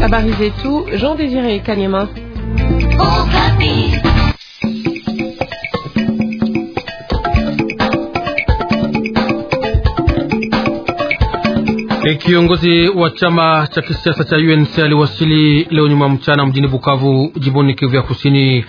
Habari zetu Jean Désiré Kanyema. E, kiongozi wa chama cha kisiasa cha UNC aliwasili leo nyuma mchana mjini Bukavu, jimboni Kivu ya Kusini.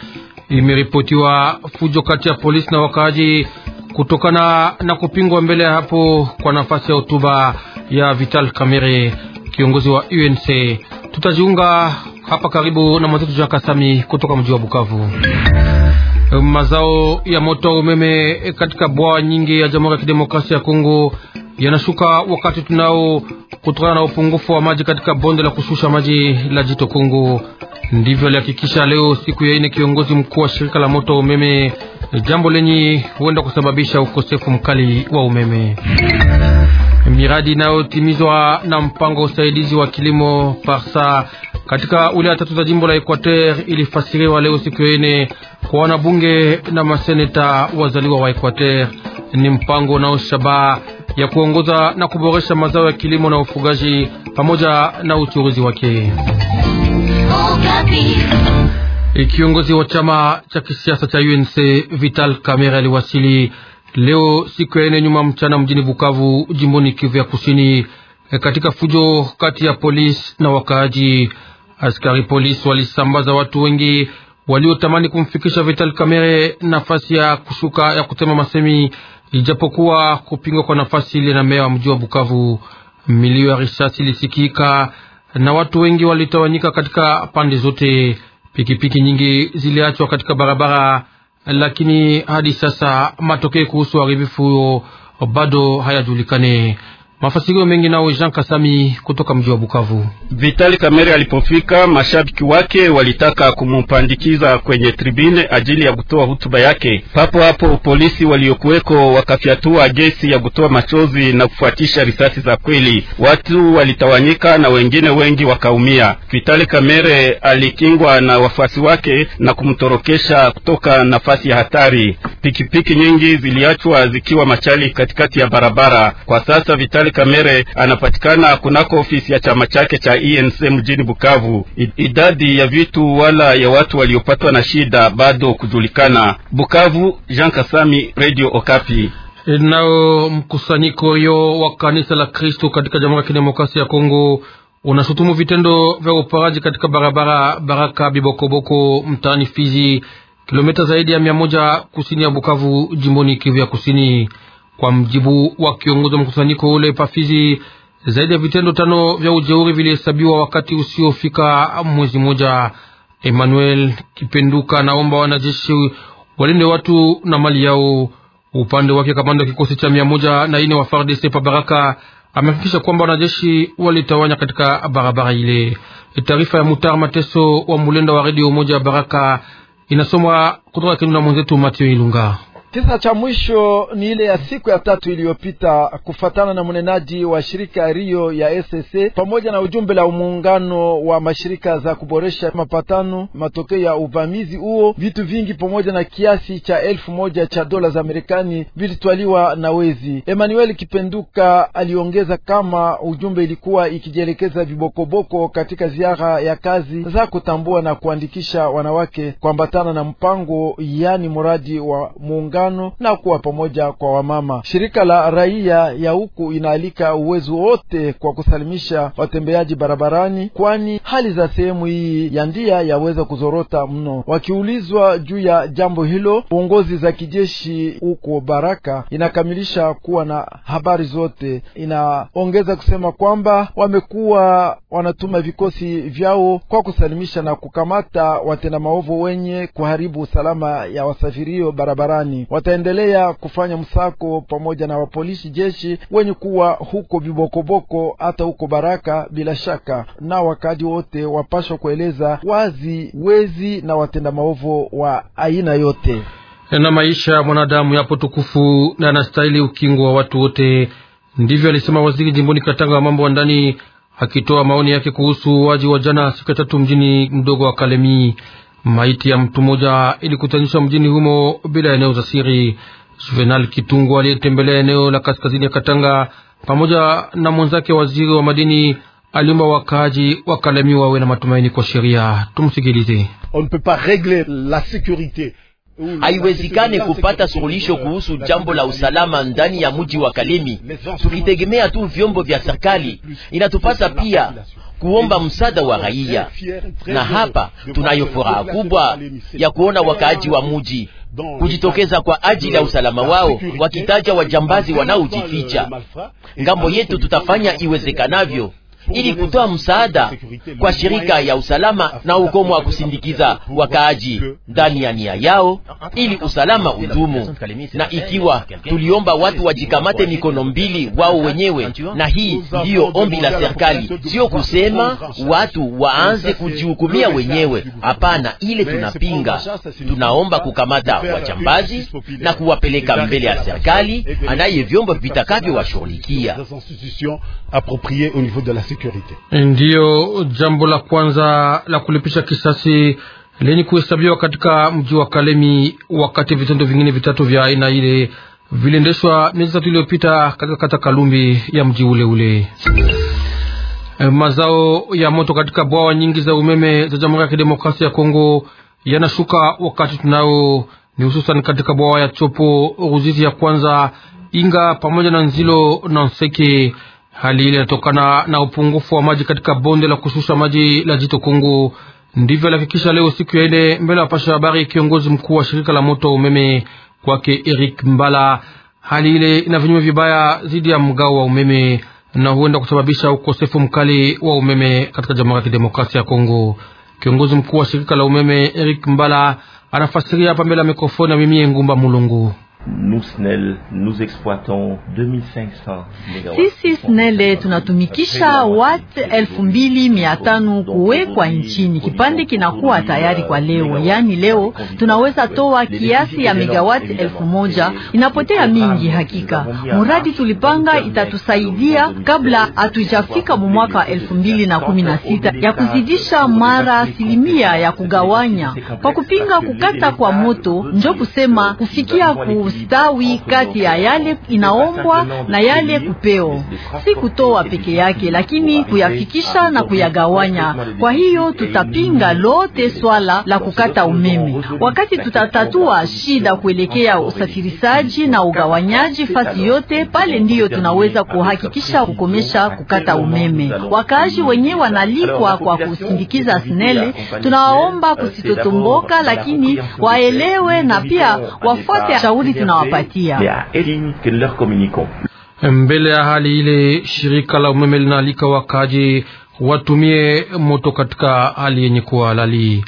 Imeripotiwa fujo kati ya polisi na wakaaji kutokana na kupingwa mbele ya hapo kwa nafasi ya hotuba ya Vital Kamerhe, kiongozi wa UNC. Tutajiunga hapa karibu na mwenzetu Jean Kasami kutoka mji wa Bukavu. Mazao ya moto umeme katika bwawa nyingi ya Jamhuri ya Kidemokrasia ya Kongo yanashuka wakati tunao kutokana na upungufu wa maji katika bonde la kushusha maji la Jito Kongo. Ndivyo alihakikisha leo siku ya ine kiongozi mkuu wa shirika la moto umeme, jambo lenye huenda kusababisha ukosefu mkali wa umeme miradi inayotimizwa na mpango usaidizi wa kilimo Farsa katika wilaya tatu za jimbo la Equateur ilifasiriwa leo siku ya ine kwa wanabunge na maseneta wazaliwa wa Equateur. Ni mpango unaoshabaha ya kuongoza na kuboresha mazao ya kilimo na ufugaji pamoja na uchuruzi wake. Kiongozi wa chama cha kisiasa cha UNC Vital Kamerhe aliwasili leo siku ya ine nyuma mchana mjini Bukavu, jimboni Kivu ya Kusini, eh, katika fujo kati ya polisi na wakaaji. Askari polisi walisambaza watu wengi waliotamani kumfikisha Vital Kamerhe nafasi ya kushuka ya kutema masemi, ijapokuwa kupingwa kwa nafasi ile na meya wa mji wa Bukavu. Milio ya risasi ilisikika na watu wengi walitawanyika katika pande zote. Pikipiki piki nyingi ziliachwa katika barabara lakini hadi sasa matokeo kuhusu uharibifu huo bado hayajulikani. Mafasirio mengi nao Jean Kasami kutoka mji wa Bukavu. Vitali Kamere alipofika, mashabiki wake walitaka kumpandikiza kwenye tribune ajili ya kutoa hutuba yake. Papo hapo polisi waliokuweko wakafyatua gesi ya kutoa machozi na kufuatisha risasi za kweli. Watu walitawanyika na wengine wengi wakaumia. Vitali Kamere alikingwa na wafuasi wake na kumtorokesha kutoka nafasi ya hatari pikipiki nyingi ziliachwa zikiwa machali katikati ya barabara. Kwa sasa Vitali Kamere anapatikana kunako ofisi ya chama chake cha ENC mjini Bukavu. Idadi ya vitu wala ya watu waliopatwa na shida bado kujulikana. Bukavu, Jean Kasami, Radio Okapi. Nao mkusanyiko hiyo wa kanisa la Kristo katika Jamhuri ya Kidemokrasia ya Kongo unashutumu vitendo vya uparaji katika barabara Baraka Bibokoboko mtaani Fizi kilomita zaidi ya mia moja kusini ya Bukavu, jimboni Kivu ya Kusini. Kwa mjibu wa kiongozi wa mkusanyiko ule Pafizi, zaidi ya vitendo tano vya ujeuri vilihesabiwa wakati usiofika mwezi moja. Emmanuel Kipenduka naomba wanajeshi walinde watu na mali yao. Upande wake kamanda wa kikosi cha mia moja na ine wa FARDC Pabaraka amehakikisha kwamba wanajeshi walitawanya katika barabara ile. Taarifa ya Mutar Mateso wa Mulenda wa redio moja Baraka Inasomwa kutoka kenu na mwenzetu Matio Ilunga. Kisa cha mwisho ni ile ya siku ya tatu iliyopita, kufatana na mnenaji wa shirika Rio ya SSA pamoja na ujumbe la muungano wa mashirika za kuboresha mapatano, matokeo ya uvamizi huo, vitu vingi pamoja na kiasi cha elfu moja cha dola za Marekani vilitwaliwa na wezi. Emmanuel Kipenduka aliongeza kama ujumbe ilikuwa ikijielekeza vibokoboko katika ziara ya kazi za kutambua na kuandikisha wanawake kuambatana na mpango, yani mradi wa muungano mapambano na kuwa pamoja kwa wamama. Shirika la raia ya huku inaalika uwezo wote kwa kusalimisha watembeaji barabarani, kwani hali za sehemu hii ya ndia yaweza kuzorota mno. Wakiulizwa juu ya jambo hilo, uongozi za kijeshi huko Baraka inakamilisha kuwa na habari zote. Inaongeza kusema kwamba wamekuwa wanatuma vikosi vyao kwa kusalimisha na kukamata watenda maovu wenye kuharibu usalama ya wasafirio barabarani wataendelea kufanya msako pamoja na wapolisi jeshi wenye kuwa huko Vibokoboko hata huko Baraka. Bila shaka na wakaji wote wapashwa kueleza wazi wezi na watenda maovu wa aina yote na maisha ya mwanadamu yapo tukufu na yanastahili ukingo wa watu wote. Ndivyo alisema waziri jimboni Katanga wa mambo ya ndani, akitoa maoni yake kuhusu waji wa jana siku ya tatu mjini mdogo wa kalemii Maiti ya mtu mmoja ilikutanishwa mjini humo bila eneo za siri. Juvenal Kitungu aliyetembelea eneo la kaskazini ya Katanga pamoja na mwenzake waziri wa madini aliomba wakaaji kalemi wawe na matumaini kwa sheria. Tumsikilize. Haiwezikane kupata suluhisho kuhusu jambo la usalama ndani ya mji wa Kalemi tukitegemea tu vyombo vya serikali. Inatupasa pia kuomba msaada wa raia, na hapa tunayo furaha kubwa ya kuona wakaaji wa muji kujitokeza kwa ajili ya usalama wao, wakitaja wajambazi wanaojificha ngambo yetu. Tutafanya iwezekanavyo ili kutoa msaada kwa shirika ya usalama na ukomo wa kusindikiza wakaaji ndani ya nia yao, ili usalama udumu. Na ikiwa tuliomba watu wajikamate mikono mbili wao wenyewe, na hii ndiyo ombi la serikali, sio kusema watu waanze kujihukumia wenyewe. Hapana, ile tunapinga, tunaomba kukamata wachambazi na kuwapeleka mbele ya serikali anaye vyombo vitakavyo washughulikia securite. Ndiyo jambo la kwanza la kulipisha kisasi lenye kuhesabiwa katika mji wa Kalemi, wakati vitendo vingine vitatu vya aina ile viliendeshwa miezi tatu iliyopita katika kata Kalumbi ya mji ule ule. Eh, mazao ya moto katika bwawa nyingi za umeme za Jamhuri ya Kidemokrasia ya Kongo yanashuka wakati tunao, ni hususan katika bwawa ya Chopo, Ruzizi ya kwanza, Inga pamoja na Nzilo na Nseke. Hali ile inatokana na upungufu wa maji katika bonde la kushusha maji la Jito Kongo. Ndivyo alihakikisha leo siku ya ine mbele ya wapasha habari kiongozi mkuu wa shirika la moto umeme kwake Eric Mbala. Hali ile ina vinyume vibaya dhidi ya mgao wa umeme na huenda kusababisha ukosefu mkali wa umeme katika Jamhuri ya Kidemokrasia ya Kongo. Kiongozi mkuu wa shirika la umeme Eric Mbala anafasiria hapa mbele ya mikrofoni ya mimi Ngumba Mulungu. Nous SNEL, nous exploitons 2500 sisi SNEL tunatumikisha wat elfu mbili mia tano kuwekwa nchini. Kipande kinakuwa tayari kwa leo, yaani leo tunaweza toa kiasi ya megawati elfu moja inapotea mingi. Hakika muradi tulipanga itatusaidia kabla hatujafika mwaka wa elfu mbili na kumi na sita ya kuzidisha mara asilimia ya kugawanya kwa kupinga kukata kwa moto, njo kusema kufikia ku ustawi kati ya yale inaombwa na yale kupeo, si kutoa peke yake, lakini kuyafikisha na kuyagawanya. Kwa hiyo tutapinga lote swala la kukata umeme wakati tutatatua shida kuelekea usafirishaji na ugawanyaji fasi yote, pale ndiyo tunaweza kuhakikisha kukomesha kukata umeme. Wakaaji wenyewe wanalikwa kwa kusindikiza SNEL. Tunawaomba kusitotomboka, lakini waelewe na pia wafuate shauri tunawapatia mbele ya hali ile. Shirika la umeme linaalika wakaji watumie moto katika hali yenye kuwa halali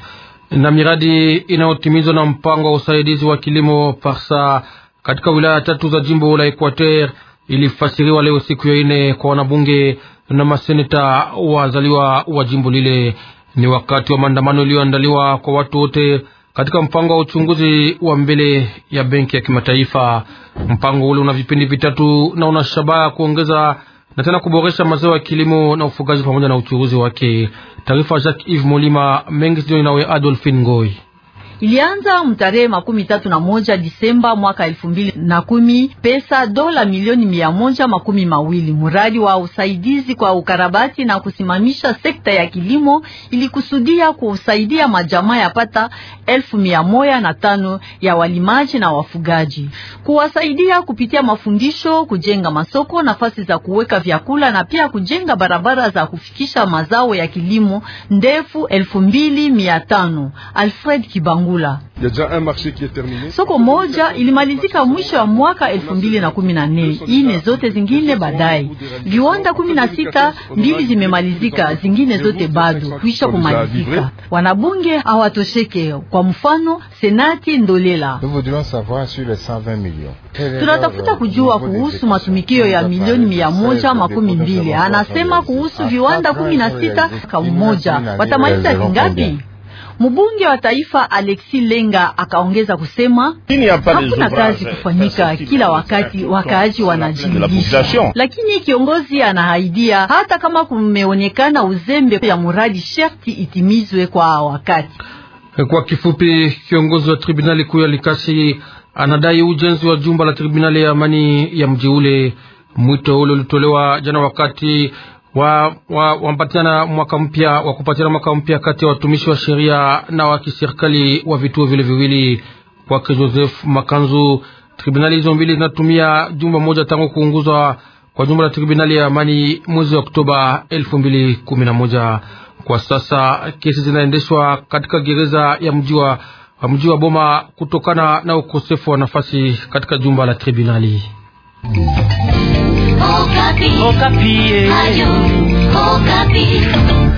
na miradi inayotimizwa na mpango wa usaidizi wa kilimo Parsa katika wilaya tatu za jimbo la Equateur ilifasiriwa leo siku ya ine kwa wanabunge na maseneta wazaliwa wa jimbo lile. Ni wakati wa maandamano iliyoandaliwa kwa watu wote katika mpango wa uchunguzi wa mbele ya benki ya kimataifa. Mpango ule una vipindi vitatu na una shabaha kuongeza na tena kuboresha mazao ya kilimo na ufugaji pamoja na uchunguzi wake. Taarifa Jacques Yves Molima mengi sijoni nawe Adolphine Ngoi ilianza mtarehe makumi tatu na moja Disemba mwaka elfu mbili na kumi pesa dola milioni mia moja makumi mawili mradi wa usaidizi kwa ukarabati na kusimamisha sekta ya kilimo ilikusudia kusaidia majamaa pata elfu mia moja na tano ya walimaji na wafugaji, kuwasaidia kupitia mafundisho, kujenga masoko, nafasi za kuweka vyakula na pia kujenga barabara za kufikisha mazao ya kilimo ndefu elfu mbili mia tano. Alfred Kibangu Ngula. Soko moja ilimalizika mwisho wa mwaka elfu mbili na kumi na nne, ine zote zingine baadaye. Viwanda kumi na sita, mbili zimemalizika, zingine zote bado kwisha kumalizika. Wanabunge hawatosheke, kwa mfano senati Ndolela. Tunatafuta kujua kuhusu matumikio ya milioni mia moja makumi mbili. Anasema kuhusu viwanda kumi na sita, kamoja watamaliza vingapi? Mbunge wa taifa Alexi Lenga akaongeza kusema hakuna kazi eh, kufanyika kila wakati, wakaaji wanajiulisha, lakini kiongozi anahaidia hata kama kumeonekana uzembe ya muradi sharti itimizwe kwa wakati. Eh, kwa kifupi, kiongozi wa tribunali kuu ya Likasi anadai ujenzi wa jumba la tribunali ya amani ya mji ule. Mwito ule ulitolewa jana wakati wa, wa, wampatiana mwaka mpya wa kupatiana mwaka mpya kati ya watumishi wa sheria na wa kiserikali wa vituo vile viwili kwake Joseph Makanzu. Tribunali hizo mbili zinatumia jumba moja tangu kuunguzwa kwa jumba la tribunali ya amani mwezi wa Oktoba 2011. Kwa sasa kesi zinaendeshwa katika gereza ya mji wa mji wa Boma kutokana na ukosefu wa nafasi katika jumba la tribunali. mm. Okapi. Okapi. Eh.